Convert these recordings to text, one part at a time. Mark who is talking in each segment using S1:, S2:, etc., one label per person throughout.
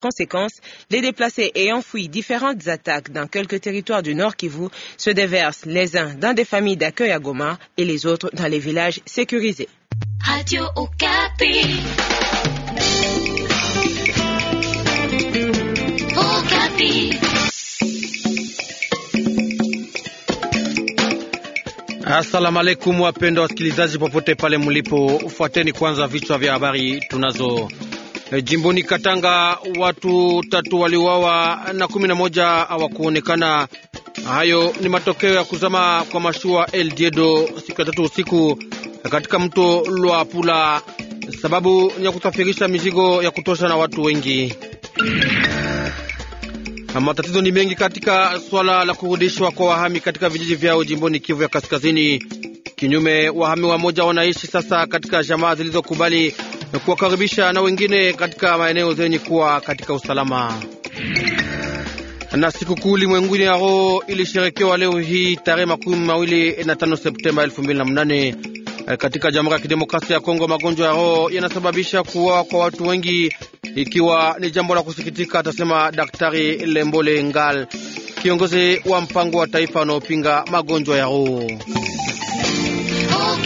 S1: Conséquence, les déplacés ayant fui différentes attaques dans quelques territoires du Nord Kivu se déversent les uns dans des familles d'accueil à Goma et les autres dans les villages sécurisés.
S2: popote tunazo Eh, jimboni Katanga watu tatu waliuawa na kumi na moja hawakuonekana. Hayo ni matokeo ya kuzama kwa mashua El Diedo siku ya tatu usiku katika mto pula Sababu ni ya kusafirisha mizigo ya kutosha na watu wengi. Matatizo ni mengi katika swala la kurudishwa kwa wahami katika vijiji vyao jimboni Kivu ya Kaskazini. Kinyume, wahami wa moja wanaishi sasa katika jamaa zilizokubali na kuwakaribisha na wengine katika maeneo zenye kuwa katika usalama. Na sikukuu limwenguni ya roho ilisherekewa leo hii tarehe makumi mawili na tano Septemba elfu mbili na mnane katika Jamhuri ya Kidemokrasia ya Kongo. Magonjwa ya roho yanasababisha kuuawa kwa watu wengi, ikiwa ni jambo la kusikitika, atasema Daktari Lembole Ngal, kiongozi wa mpango wa taifa unaopinga magonjwa ya roho. Oh,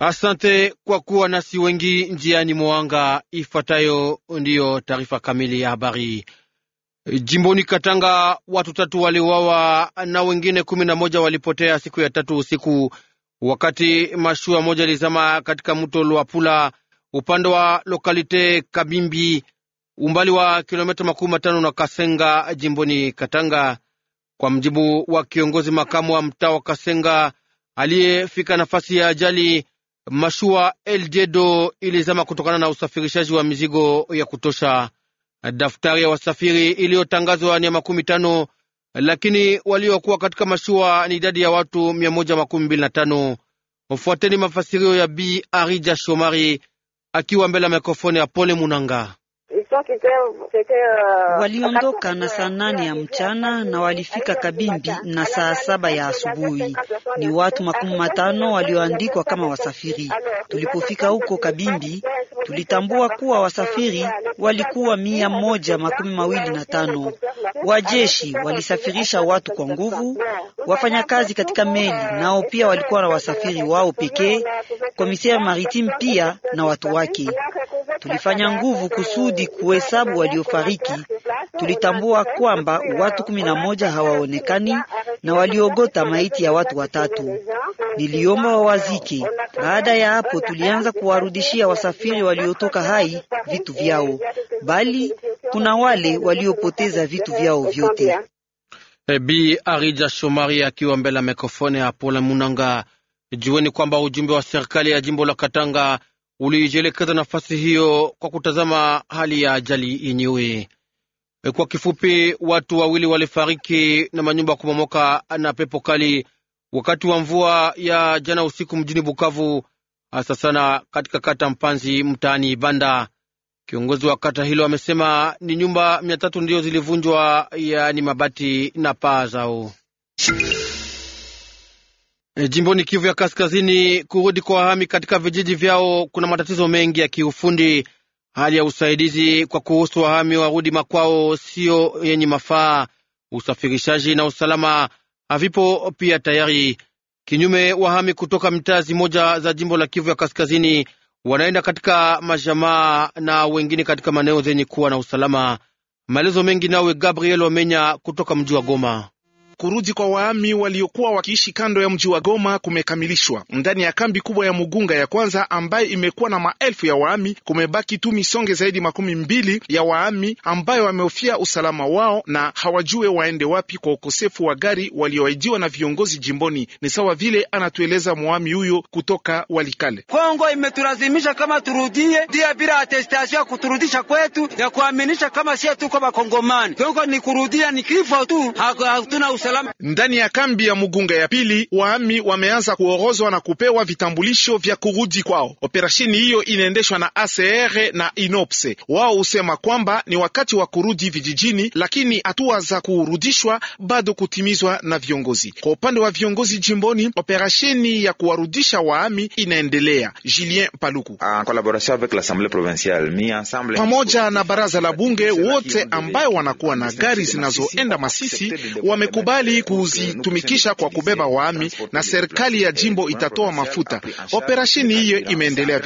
S2: Asante kwa kuwa nasi wengi njiani mwanga. Ifuatayo ndiyo taarifa kamili ya habari. Jimboni Katanga, watu tatu waliuawa na wengine kumi na moja walipotea siku ya tatu usiku, wakati mashua moja ilizama katika mto Luapula upande wa lokalite Kabimbi, umbali wa kilomita makumi matano na Kasenga, jimboni Katanga, kwa mjibu wa kiongozi makamu wa mtaa wa Kasenga aliyefika nafasi ya ajali mashua El ilizama kutokana na usafirishaji wa mizigo ya kutosha. Daftari ya wasafiri iliyotangazwa ni ya makumi tano, lakini waliokuwa katika mashua ni idadi ya watu mia moja makumi mbili na tano. Ufuateni mafasirio ya Bi Arija Shomari akiwa mbele ya mikrofoni ya Pole Munanga.
S1: Uh, waliondoka na saa nane ya mchana na walifika Kabimbi na saa saba ya asubuhi. Ni watu makumi matano walioandikwa kama wasafiri. Tulipofika huko Kabimbi, tulitambua kuwa wasafiri walikuwa mia moja makumi mawili na tano. Wajeshi walisafirisha watu kwa nguvu. Wafanyakazi katika meli nao pia walikuwa na wasafiri wao pekee, komisari maritime pia na watu wake. Tulifanya nguvu kusudi kuhesabu waliofariki. Tulitambua kwamba watu kumi na moja hawaonekani na waliogota maiti ya watu watatu. Niliomba wawazike. Baada ya hapo, tulianza kuwarudishia wasafiri waliotoka hai vitu vyao, bali kuna wale waliopoteza vitu vyao vyote.
S2: Eh, Bi Arija Shomari akiwa mbele ya mikrofoni ya Pole Munanga. Jueni kwamba ujumbe wa serikali ya jimbo la Katanga ulijielekeza nafasi hiyo kwa kutazama hali ya ajali yenyewe. E, kwa kifupi, watu wawili walifariki na manyumba kumomoka na pepo kali wakati wa mvua ya jana usiku mjini Bukavu, hasa sana katika kata Mpanzi mtaani Banda. Kiongozi wa kata hilo amesema ni nyumba mia tatu ndiyo zilivunjwa, yaani mabati na paa zao. E, jimboni Kivu ya Kaskazini, kurudi kwa wahami katika vijiji vyao kuna matatizo mengi ya kiufundi. Hali ya usaidizi kwa kuhusu wahami warudi makwao siyo yenye mafaa. Usafirishaji na usalama havipo pia tayari. Kinyume, wahami kutoka mitazi moja za jimbo la Kivu ya Kaskazini wanaenda katika mashamaa na wengine katika maeneo zenye kuwa na usalama. Maelezo mengi nawe Gabriel Wamenya kutoka mji wa Goma.
S3: Kurudi kwa waami waliokuwa wakiishi kando ya mji wa Goma kumekamilishwa. Ndani ya kambi kubwa ya Mugunga ya kwanza ambaye imekuwa na maelfu ya waami, kumebaki tu misonge zaidi makumi mbili ya waami ambayo wamehofia usalama wao na hawajue waende wapi kwa ukosefu wa gari walioahidiwa na viongozi jimboni. Ni sawa vile anatueleza mwami huyo kutoka Walikale.
S2: Kongo imetulazimisha kama turudie dia bila atestasio ya kuturudisha kwetu ya kuaminisha kama sie tuko Bakongomani. Kongo ni kurudia ni kifo tu, hatuna Salaam.
S3: Ndani ya kambi ya Mugunga ya pili, waami wameanza kuorozwa na kupewa vitambulisho vya kurudi kwao. Operasheni hiyo inaendeshwa na ACR na Inopse. Wao husema kwamba ni wakati wa kurudi vijijini, lakini hatua za kurudishwa bado kutimizwa na viongozi. Kwa upande wa viongozi jimboni, operasheni ya kuwarudisha waami inaendelea. Julien Paluku pamoja na baraza la bunge wote ambayo wanakuwa na gari zinazoenda Masisi wamekubali tutakubali kuzitumikisha kwa kubeba waami na serikali ya jimbo itatoa mafuta. Operasheni hiyo imeendelea.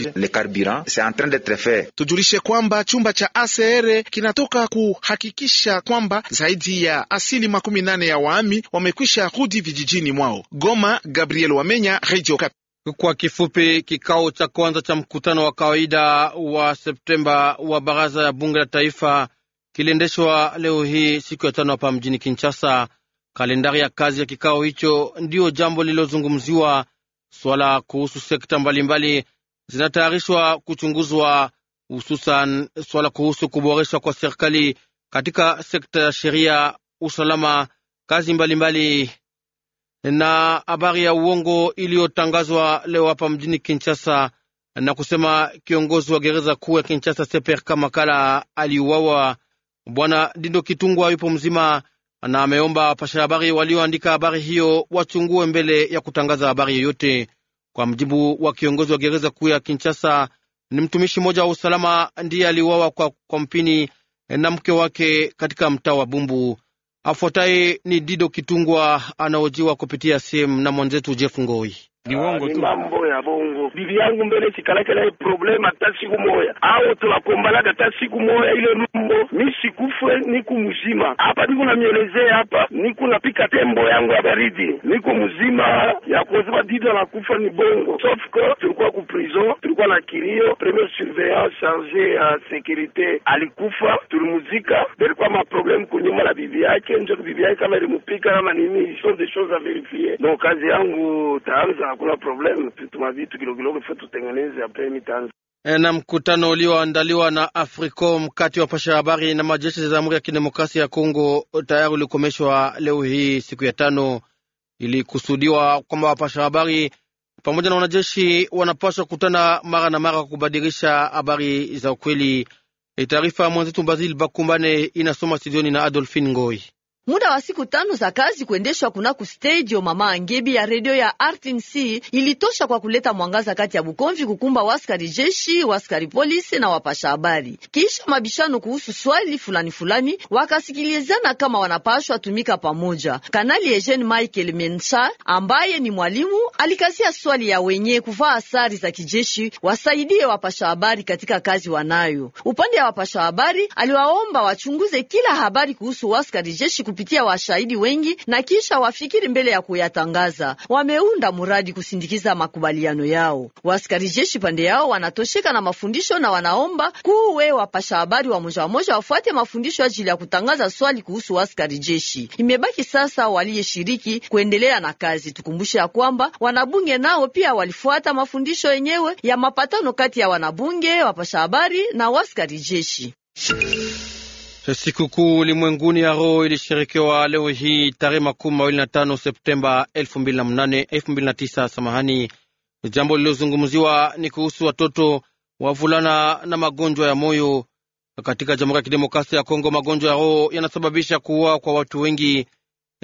S3: Tujulishe kwamba chumba cha ACR kinatoka kuhakikisha kwamba zaidi ya asili makumi nane ya waami
S2: wamekwisha rudi vijijini mwao. Goma, Gabriel Wamenya, Radio Okapi. Kwa kifupi, kikao cha kwanza cha mkutano wa kawaida wa Septemba wa baraza ya bunge la taifa kiliendeshwa leo hii siku ya tano hapa mjini Kinshasa. Kalendari ya kazi ya kikao hicho ndiyo jambo lililozungumziwa. Swala kuhusu sekta mbalimbali zinatayarishwa kuchunguzwa, hususan swala kuhusu kuboreshwa kwa serikali katika sekta ya sheria, usalama, kazi mbalimbali mbali. Na habari ya uongo iliyotangazwa leo hapa mjini Kinshasa na kusema kiongozi wa gereza kuu ya Kinshasa Seper Kamakala aliuawa. Bwana Dindo Kitungwa yupo mzima na ameomba wapasha habari walioandika habari hiyo wachungue mbele ya kutangaza habari yoyote. Kwa mjibu wa kiongozi wa gereza kuu ya Kinshasa, ni mtumishi mmoja wa usalama ndiye aliuawa kwa, kwa mpini eh, na mke wake katika mtaa wa Bumbu. Afuataye ni Dido Kitungwa anaojiwa kupitia simu na mwenzetu Jeff Ngoi.
S3: Ni ah, uongo tu, mambo ya bongo. Bibi yangu mbele sikalake naye problema hata siku moya, au tunakombanaga hata siku moya. Ile lumbo mi sikufwe, niku mzima hapa, niku namielezea hapa, niku napika tembo yangu ya baridi, niku mzima ya kuozema dida na
S1: kufa ni bongo sofko.
S3: Tulikuwa ku prison, tulikuwa na kilio, premier surveillant charge ya securite alikufa, tulimuzika. Ilikuwa maproblemu
S1: kunyuma na bibi yake, njo bibi yake kama ilimupika ama nini, so de chose a verifie. No, kazi yangu taanza hakuna problem, tuma vitu
S2: kidogo kidogo tutengeneze apeni tanza eh, na mkutano ulioandaliwa na Africom kati ya wapasha habari na majeshi za Jamhuri ya Kidemokrasia ya Kongo tayari ulikomeshwa leo hii siku ya tano. Ilikusudiwa kwamba wapasha habari pamoja na wanajeshi wanapaswa kukutana mara na mara kubadilisha habari za ukweli. Taarifa mwenzetu Bazil Bakumbane inasoma studioni na Adolphine Ngoi.
S1: Muda wa siku tano za kazi kuendeshwa kunako stadio Mama Angebi ya redio ya RTNC ilitosha kwa kuleta mwangaza kati ya Bukomvi kukumba waskari jeshi, waskari polisi na wapasha habari. Kisha mabishano kuhusu swali fulani fulani, wakasikilizana kama wanapashwa tumika pamoja. Kanali Eugene Michael Mensha ambaye ni mwalimu alikazia swali ya wenye kuvaa sari za kijeshi wasaidie wapasha habari katika kazi wanayo. Upande ya wapasha habari aliwaomba wachunguze kila habari kuhusu waskari jeshi kupitia washahidi wengi na kisha wafikiri mbele ya kuyatangaza. Wameunda muradi kusindikiza makubaliano yao. Waskari jeshi pande yao wanatosheka na mafundisho na wanaomba kuwe wapasha habari wa moja wa moja wafuate mafundisho ajili ya kutangaza swali kuhusu waskari jeshi. Imebaki sasa waliyeshiriki kuendelea na kazi. Tukumbushe ya kwamba wanabunge nao pia walifuata mafundisho yenyewe ya mapatano kati ya wanabunge, wapasha habari na waskari jeshi.
S2: Sikukuu ulimwenguni ya roho ilisherekewa leo hii tarehe makumi mawili na tano Septemba elfu mbili na nane elfu mbili na tisa samahani. Jambo lililozungumziwa ni kuhusu watoto, wavulana na magonjwa ya moyo katika Jamhuri ya Kidemokrasia ya Kongo. Magonjwa ya roho yanasababisha kuua kwa watu wengi,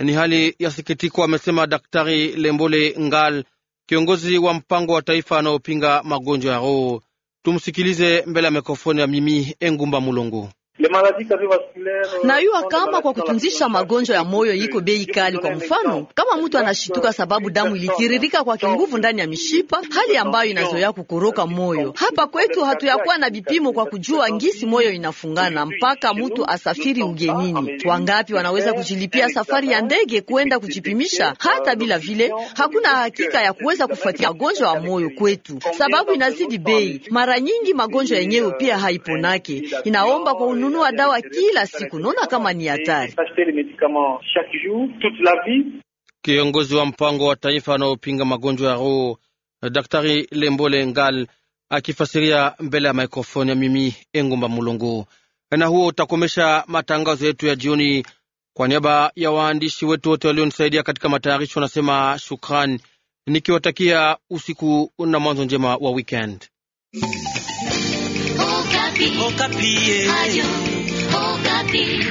S2: ni hali ya sikitiko, amesema Daktari Lembole Ngal, kiongozi wa mpango wa taifa anaopinga magonjwa ya roho. Tumsikilize mbele ya mikrofoni ya mimi Engumba Mulongo. Euh,
S1: Nayuwa kama kwa kutunzisha magonjwa ya moyo iko bei kali. Kwa mfano, kama mtu anashituka sababu damu ilitiririka kwa kinguvu ndani ya mishipa, hali ambayo inazoea kukoroka moyo. Hapa kwetu hatuyakuwa na vipimo kwa kujua ngisi moyo inafungana mpaka mtu asafiri ugenini. Wangapi wanaweza kujilipia safari ya ndege kuenda kujipimisha? Hata bila vile, hakuna hakika ya kuweza kufuatia magonjwa ya moyo kwetu, sababu inazidi bei. Mara nyingi magonjwa yenyewe pia haiponake, inaomba kwa unu kununua dawa kila siku. Naona kama ni hatari.
S2: Kiongozi wa mpango wa taifa anaopinga magonjwa ya roho Daktari Lembole Ngal akifasiria mbele ya mikrofoni ya mimi Engumba Mulungu. Na huo utakomesha matangazo yetu ya jioni. Kwa niaba ya waandishi wetu wote walionisaidia katika matayarisho, nasema shukrani nikiwatakia usiku na mwanzo njema wa weekend.
S1: Okapi.